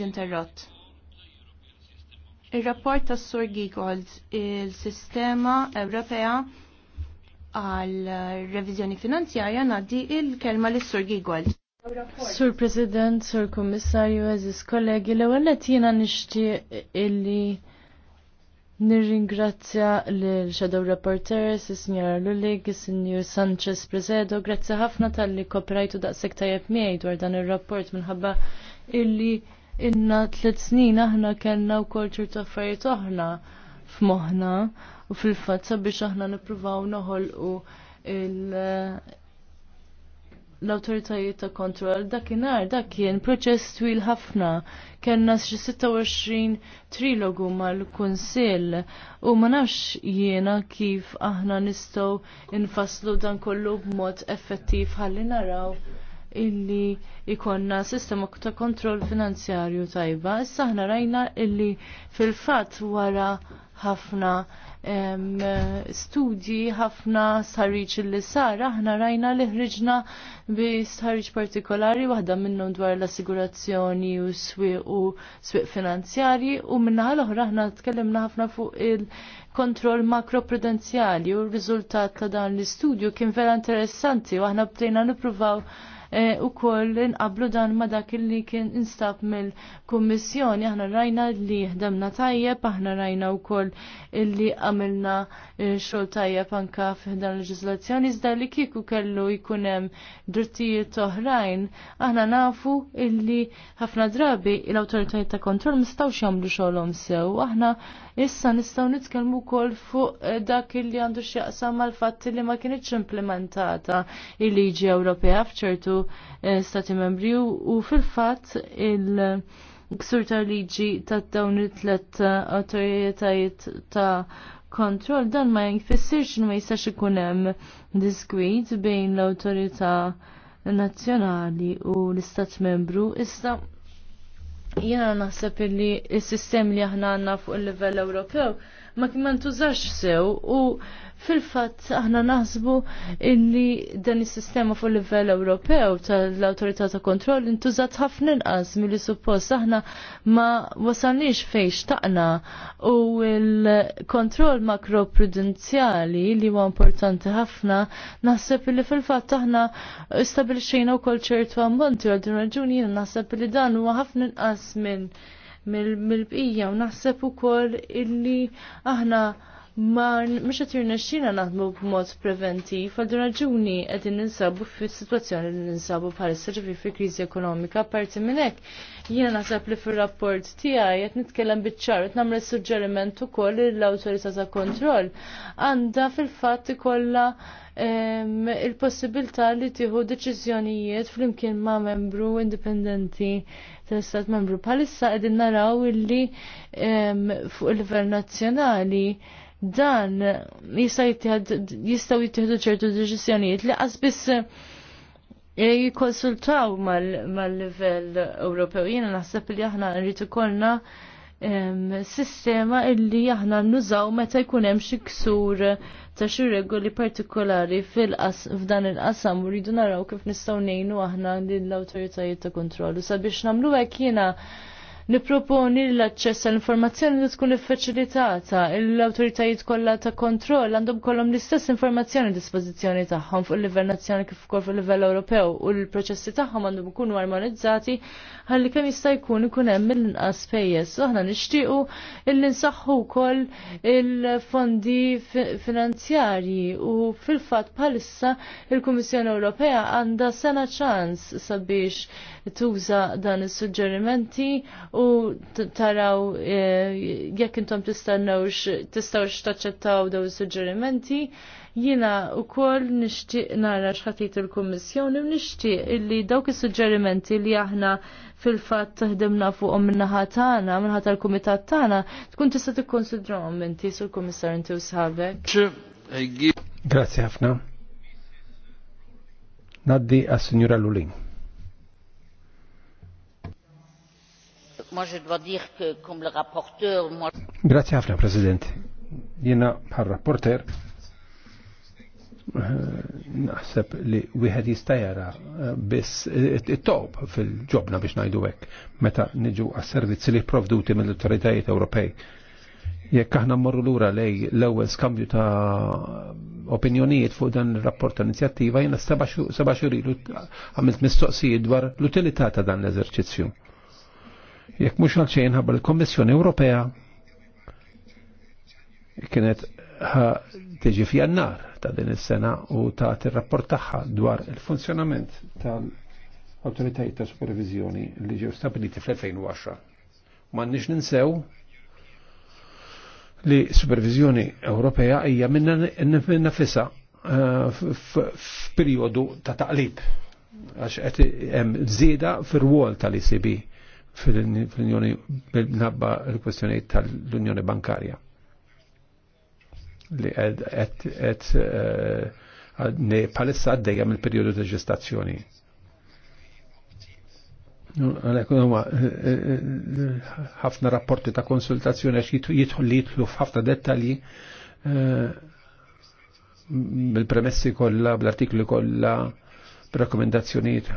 ġinterrott. Il-rapport tas Sur Giegold il-sistema Ewropea għal revizjoni finanzjarja naddi il-kelma li sur Gigold. Sur President, Sur Kommissarju, Aziz kollegi, l ewwel jiena nixtieq illi nirringrazzja l-Shadow Reporters, il-Signora Lulig, s signor Sanchez Presedo, grazzi ħafna tal-li kooperajtu daqsek tajab miej dwar dan ir rapport minħabba illi inna tliet snin aħna kellna wkoll ta' affarijiet oħra f'moħħna u fil-fatt sabiex aħna nippruvaw noħolqu il- l-autoritajiet ta' kontrol dakinhar dak kien proċess twil ħafna. Kenna xi 26 trilogu mal-Kunsill u ma nafx jiena kif aħna nistgħu infaslu dan kollu b'mod effettiv ħalli naraw illi ikonna sistema ta' kontrol finanzjarju tajba. Issa ħna rajna illi fil-fat wara ħafna studji ħafna sarriċ li sar, aħna rajna li ħriġna bi sarriċ partikolari waħda minnhom dwar l-assigurazzjoni u swiq u swiq finanzjarji u minna ħal oħra aħna tkellimna ħafna fuq il-kontroll makroprudenzjali u r-riżultat ta' dan l-istudju kien vera interessanti u aħna bdejna nippruvaw Eh, u koll inqablu dan ma dak li kien instab mill-kummissjoni. Aħna rajna li ħdemna tajjeb, aħna rajna u koll li għamilna eh, xol tajjeb anka l leġislazzjoni, iżda li kiku kellu jkunem drittijiet oħrajn. Aħna nafu illi ħafna drabi l-autoritajiet ta' kontrol mistawx jagħmlu xogħolhom sew. Aħna issa nistgħu nitkellmu wkoll fuq eh, dak li għandu x'jaqsam mal-fatt li ma kienx implementata il-liġi Ewropea f'ċertu Eh, stati membri u fil-fatt il- ksur ta' liġi ta' dawn it-tlet eh, autoritajiet ta' kontrol dan ma jfissirx ma jistax ikun hemm diskwit bejn l-awtorità nazzjonali u l-istat membru issa jiena naħseb li s-sistem li aħna għandna fuq il-livell Ewropew ma kien tużax sew u fil-fatt aħna naħsbu illi dan is-sistema fuq livell Ewropew tal-Awtorità ta' Kontroll intużat ħafna inqas milli suppost aħna ma wasalniex fejn xtaqna u l-kontroll makroprudenzjali li huwa importanti ħafna naħseb illi fil-fatt aħna stabilixxejna wkoll ċertu ammonti għal din raġuni naħseb li dan huwa ħafna inqas minn mill-bqija u naħseb ukoll illi aħna ma mhux qed jirnexxina naħdmu b'mod preventiv għal din raġuni qegħdin ninsabu fis-sitwazzjoni li ninsabu bħalissa ġifi fi kriżi ekonomika Apparti minn hekk jiena naħseb li fir-rapport tiegħi qed nitkellem biċ-ċar qed nagħmel suġġeriment ukoll li l-awtorità ta' kontroll għandha fil-fatt ikollha il-possibilità li tieħu deċiżjonijiet flimkien ma' membru indipendenti tal-istat membru. Palissa qegħdin naraw illi fuq il-livell nazzjonali dan jistgħu jittieħdu ċertu deċiżjonijiet li qasbis eh, jikonsultaw mal-livell Ewropew. Jiena naħseb li aħna rritu ikollna sistema illi aħna nużaw meta jkun hemm xi ksur ta' xi regoli partikolari f'dan il-qasam u rridu naraw kif nistgħu ngħinu aħna lill-awtoritajiet ta' kontrollu sabiex nagħmlu hekk jiena niproponi l-aċċess għall-informazzjoni li tkun iffaċilitata. L-awtoritajiet kollha ta' kontroll għandhom kollhom l-istess informazzjoni dispożizzjoni tagħhom fuq il-livell nazzjonali kif ukoll fuq il-livell Ewropew u l-proċessi tagħhom għandhom ikunu armonizzati ħalli kemm jista' jkun ikun hemm mill-inqas pejjeż. Aħna nixtiequ illi nsaħħu wkoll il-fondi finanzjarji u fil-fatt bħalissa il-Kummissjoni Ewropea għandha sena ċans sabiex tuża dan is-suġġerimenti u u taraw e, jekk intom tistgħu tistawx taċċettaw daw suġġerimenti jina u nixtieq nishtiq nara xħatit il-Kommissjoni u nishtiq illi dawk is-suġġerimenti li aħna fil-fat taħdimna fuqhom minnaħa tagħna, minnaħa tal-kumitat tagħna, tkun tista' tikkonsidrawhom inti sur kummissar inti u sħabek. Grazzi ħafna. Naddi għas-Sinjura Lulin. moi je dois dire que comme le rapporteur, moi... Grazie ħafna, President. Jena bħal rapporter, eh, naħseb li wieħed jista' jara eh, biss eh, it top fil-ġobna biex ngħidu hekk meta niġu għas-servizzi li provduti mill autoritajiet Ewropej. Jekk aħna mmorru lura lej l-ewwel skambju ta' opinjonijiet fuq dan ir-rapport ta' inizjattiva jiena seba' xhur għamilt mistoqsijiet dwar l-utilità ta' dan l-eżerċizzju Jekk mhux għalxejn ħabba l-Kommissjoni Ewropea kienet tiġi f'jannar ta' din is-sena u ta' tir-rapport tagħha dwar il-funzjonament tal-Awtoritajiet ta' Supervizjoni li ġew stabiliti fl-2010. M'għandniex ninsew li supervizjoni Ewropea hija minna nafisa eh, f'perjodu ta' taqlib għax qed hemm żieda fir-rwol tal-ECB fil-Unjoni bil-nabba l-kwestjoni tal-Unjoni Bankarja li għed eh, palissa għaddejja mill periodu ta' ġestazzjoni. Eh, eh, ħafna rapporti ta' konsultazzjoni għax jitħu li jitħlu f'ħafna dettalji bil-premessi kollha, bl-artikli kollha, Rekomendazzjonijiet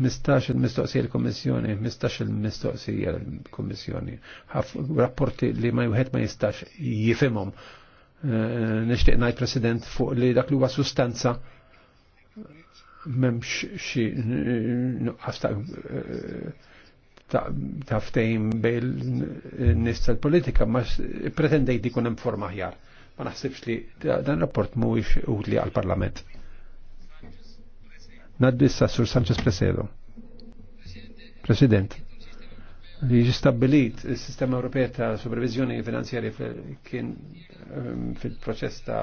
mistax il-mistoqsija l-Kommissjoni, mistax il-mistoqsija l-Kommissjoni. Rapporti li ma juħed ma jistax jifimom. Eh, nixtieq ngħid President fuq li dak li huwa sustanza m'hemmx xi nuqqas ta' ftejn bejn nies tal-politika ma pretendejt ikun hemm forma aħjar. Ma naħsibx li dan rapport mhuwiex utli għall-Parlament. Naddissa Sur Sanchez Presedo. President, li ġistabilit il-Sistema Ewropea ta' Supervizjoni Finanzjarja kien ehm, fil-proċess ta'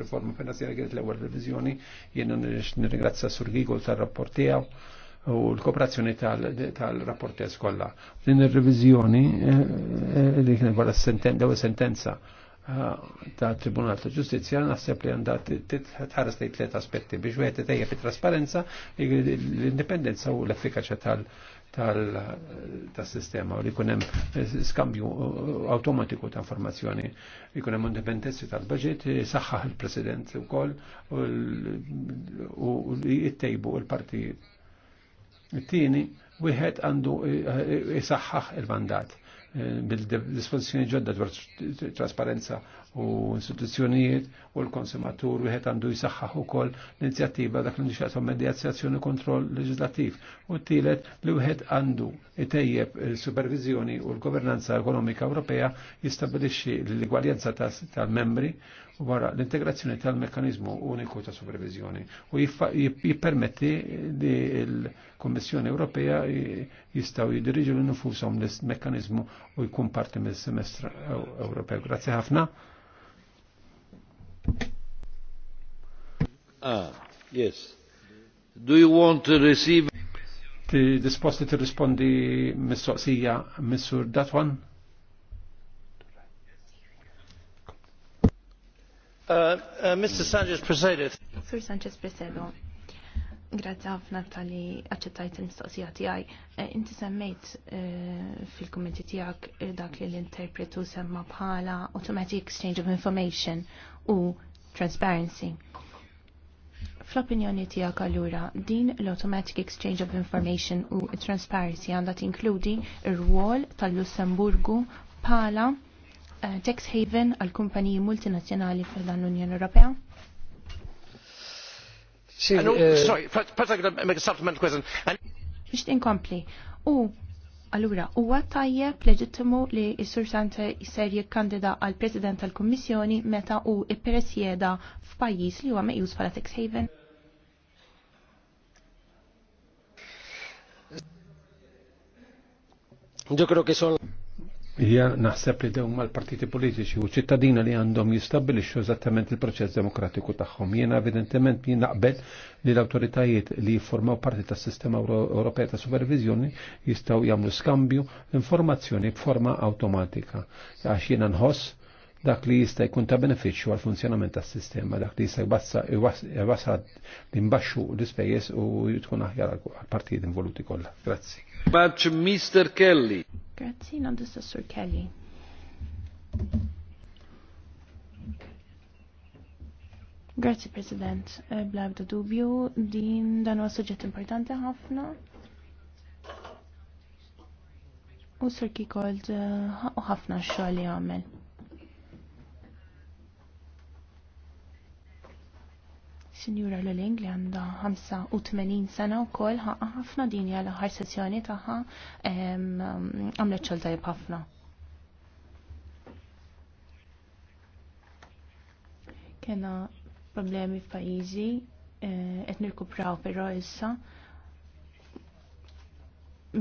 riforma finanzjarja kienet l-ewwel revizjoni, jiena nirringrazzja Sur Gigol tar-rapport tiegħu u l-kooperazzjoni tal-rapporti tal kollha. Din ir-reviżjoni eh, eh, li kien wara sentenza Eh, ta' Tribunal ta' Ġustizja naħseb li għandha tħares lejn tliet aspetti biex wieħed tejja fit-trasparenza, l-indipendenza u l-effikaċja tal- tal-sistema u li jkun hemm eh, skambju eh, awtomatiku ta' informazzjoni li hemm indipendenzi tal baġit saħħaħ il-president ukoll u li jittejbu l parti tieni wieħed għandu jisaxħaħ il-mandat Eh, bil-disposizjoni ġodda dwar trasparenza u instituzzjonijiet u l-konsumatur wieħed għandu jisaħħaħ ukoll l-inizjattiva dak li nixaqshom medjazzjazzjoni kontroll leġislattiv u t tilet li wieħed għandu itejjeb il-supervizjoni u l-governanza ekonomika Ewropea jistabilixxi l-igwaljanza tal-membri wara l-integrazzjoni tal-mekkanizmu uniku ta' supervizjoni u jippermetti li l-Kommissjoni Ewropea jistaw jidirġu l-nufusom l-mekkanizmu u jkun parti mill semestra Ewropew. Grazie ħafna. Ah, yes. Do you want to receive... Ti disposti ti rispondi mis-soqsija mis-sur Datwan? Uh, uh, Mr. Sanchez Presedo. Sur Sanchez Presedo, Grazie għafna tali li accettajt il-mistoqsija tiegħi. Eh, inti semmejt eh, fil-kummenti kommenti tiegħek dak li l-interpretu semma bħala automatic exchange of information u transparency. Fl-opinjoni tiegħek allura din l-automatic exchange of information u transparency għandha tinkludi r-rwol tal-Lussemburgu bħala uh, tax haven għal kumpaniji multinazzjonali fil-dan l-Unjoni Ewropea? Sorry, first, I could a supplemental question. Biex tinkompli. U Allura, huwa tajjeb leġittimu li s-Sur Sante ser jikkandida għal President tal-Kummissjoni meta u ippresjeda f'pajjiż li huwa meqjus bħala Tex haven? Yo creo que son Ija naħseb li dawn mal partiti politiċi u ċittadina li għandhom jistabilixxu eżattament il-proċess demokratiku tagħhom. Jiena evidentement jien naqbel li l-awtoritajiet li jiffurmaw parti tas-sistema Ewropej ta' Supervizjoni jistgħu jagħmlu skambju informazzjoni b'forma awtomatika. Għax jiena nħoss dak li jista' jkun ta' benefiċċju għal funzjonament tas-sistema, dak li jista' jbassa jwassa l mbaxxu l-ispejjeż u tkun aħjar għal partijiet involuti kollha. Grazzi. Much Mr. Kelly. Grazzi, Kelly. Grazie, President. Eh, Blabda dubju, din dan huwa suġġett importanti ħafna. U Sir Kikold eh, ħafna uh, xogħol li għamel. Sinjura Luling li għandha 85 sena wkoll ħaqa ħafna din hija l-aħħar sessjoni tagħha għamlet xogħol tajjeb ħafna. Kena problemi f'pajjiżi eh, qed nirkupraw però issa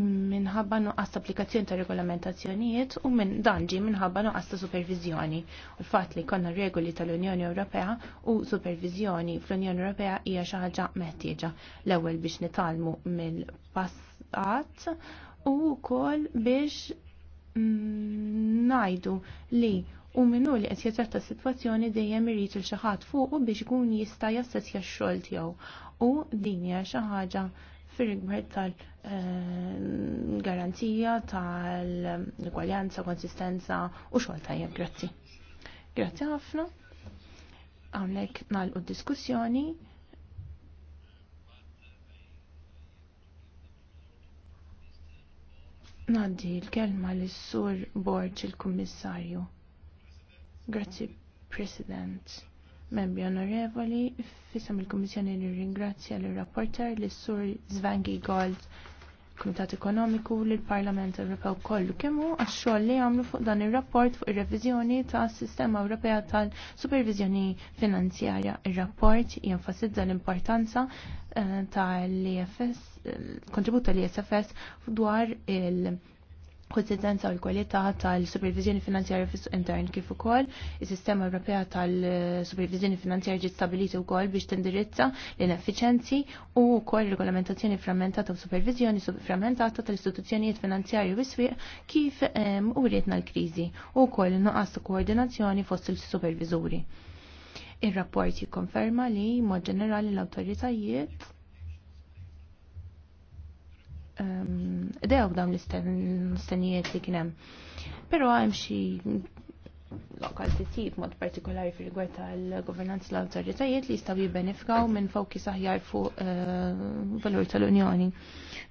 minħabba nuqqas applikazzjoni ta' regolamentazzjonijiet u minn dan ġi minħabba nuqqas ta' supervizjoni. U l-fatt li konna regoli tal-Unjoni Ewropea u supervizjoni fl-Unjoni Ewropea hija xi ħaġa meħtieġa l-ewwel biex nitalmu mill-passat u wkoll biex mm, najdu li u minnu li qed jitratta situazzjoni sitwazzjoni dejjem irid il xi ħadd fuq biex ikun jista' jassessja x-xogħol tiegħu u din hija xi ħaġa fir-rigward tal-garanzija ehm, tal-gwaljanza, konsistenza u xogħol tajjeb. Grazzi. Grazzi ħafna. Għamlek nagħlqu d-diskussjoni. Naddi l-kelma l sur Borġ il-Kummissarju. Grazzi, President. Membri onorevoli, fissam il-Komissjoni nirringrazzja l-rapporter l-Sur Zvangi Gold, Komitat Ekonomiku l-Parlament Ewropew kollu kemmu għax-xogħol li għamlu fuq dan ir-rapport fuq ir-reviżjoni tas sistema Ewropea tal-Supervizjoni Finanzjarja. Ir-rapport jenfasizza l-importanza eh, tal-IFS, eh, kontribut tal-ISFS dwar il- konsistenza u l-kwalità tal-supervizjoni finanzjarja fis intern kif ukoll is-sistema Ewropea tal-supervizjoni finanzjarja ġiet stabiliti wkoll biex tindirizza l-ineffiċenzi u wkoll regolamentazzjoni frammentata u supervizjoni frammentata tal-istituzzjonijiet finanzjarji u swieq kif uritna l-kriżi u wkoll nuqas koordinazzjoni fost il-superviżuri. Ir-rapport jikkonferma li mod ġenerali l-awtoritajiet Ehm, dew dawn l-istennijiet li kienem. Pero għem xie lokal tip mod partikolari fil rigward tal-governanza l-autoritajiet li jistaw jibbenefikaw minn fawki saħjar fuq eh, valur tal-Unjoni.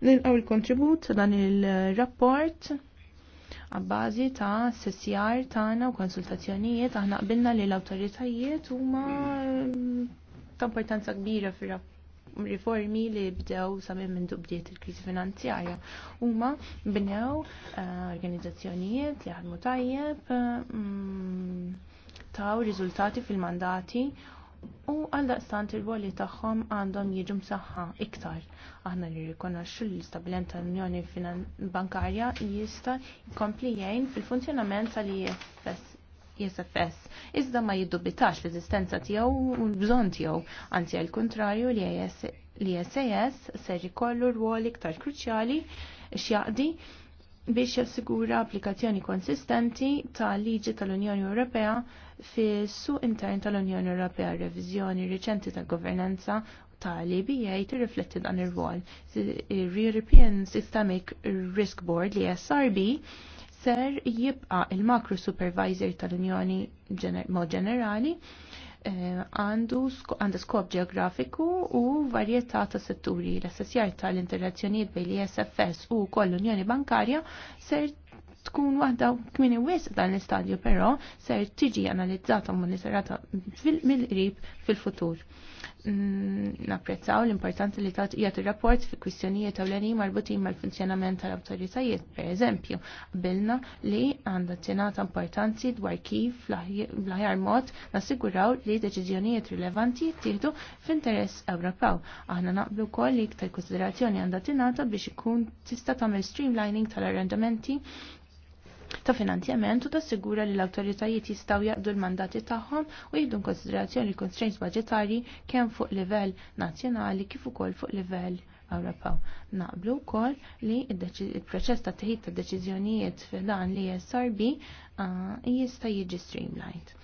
Nilqaw il-kontribut dan il-rapport għabbażi ta' sessjar tagħna u konsultazzjonijiet aħna qbilna li l-awtoritajiet huma ta' importanza kbira fir-rapport riformi li bdew samim minn dubdiet il-krizi finanzjarja. Huma bnew eh, organizzazzjonijiet li ħadmu tajjeb mm, taw riżultati fil-mandati u għal daqstant il-woli tagħhom għandhom jiġu msaħħa iktar. Aħna li rikonoxxu l-istabilent tal-Unjoni Bankarja jista' jkompli jgħin fil-funzjonament tal-IFS ISFS, iżda ma jiddubitax l ezistenza tiegħu u l-bżonn tiegħu, anzi għal kontrarju li l-ISAS ser jkollu rwol iktar kruċjali x'jaqdi biex jassigura applikazzjoni konsistenti ta' liġi tal-Unjoni Ewropea fis suq intern tal-Unjoni Ewropea reviżjoni riċenti ta' governanza tal-EBA tirrifletti dan ir-rwol. Il-European Systemic Risk Board li e SRB ser jibqa il-makro supervisor tal-Unjoni mod ġenerali eh, għandu għandu skop ġeografiku u varjetà ta' setturi. L-assessjar tal-interazzjonijiet bejn l-ISFS u koll l-Unjoni Bankarja ser tkun waħda kmini wis dan l-istadju, però ser tiġi analizzata u monitorata mill-qrib fil-futur. fil futur Mm, napprezzaw l-importanza li tat jgħat il-rapport fi kwistjonijiet ewleni marbutin mal-funzjonament tal-autoritajiet. Per eżempju, bilna li għandha tingħata importanzi dwar kif bl-aħjar mod nassiguraw li deċiżjonijiet rilevanti jittieħdu f'interess Ewropew. Aħna naqblu wkoll li iktar konsiderazzjoni għandha tingħata biex ikun tista' tagħmel streamlining tal-arranġamenti ta' finanzjament u tassigura li l-awtoritajiet jistgħu jaqdu l-mandati tagħhom u jieħdu konsiderazzjoni constraints budgetari kemm fuq livell nazzjonali kif ukoll fuq livell Ewropew. Naqblu wkoll li il-proċess ta' teħid ta' deċiżjonijiet f'dan li SRB ah, jista' jiġi streamlined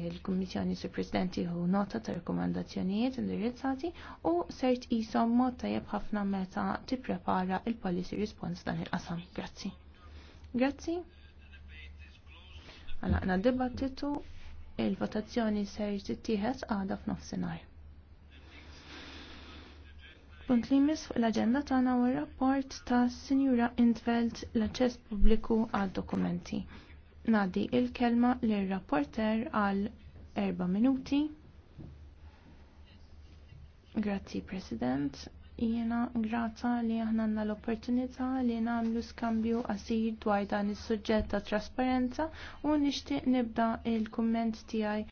il-Kummissjoni Sur Presidenti hu nota ta' rekomandazzjonijiet indirizzati u sert jisom mod tajjeb ħafna meta tipprepara il-policy response dan il-qasam. Grazzi. Grazzi. Għalaqna dibattitu il-votazzjoni ser tittieħed għada f'nofsinhar. Punt li mis fuq l-aġenda tagħna u rapport ta' Sinjura Intveld l-aċċess pubbliku għad dokumenti. Nadi il-kelma l rapporter għal erba' minuti. Grazzi President. Jiena grazza li aħna għandna l-opportunità li nagħmlu skambju qasir dwar dan is-suġġett ta' trasparenza u nixtieq nibda il-kumment tiegħi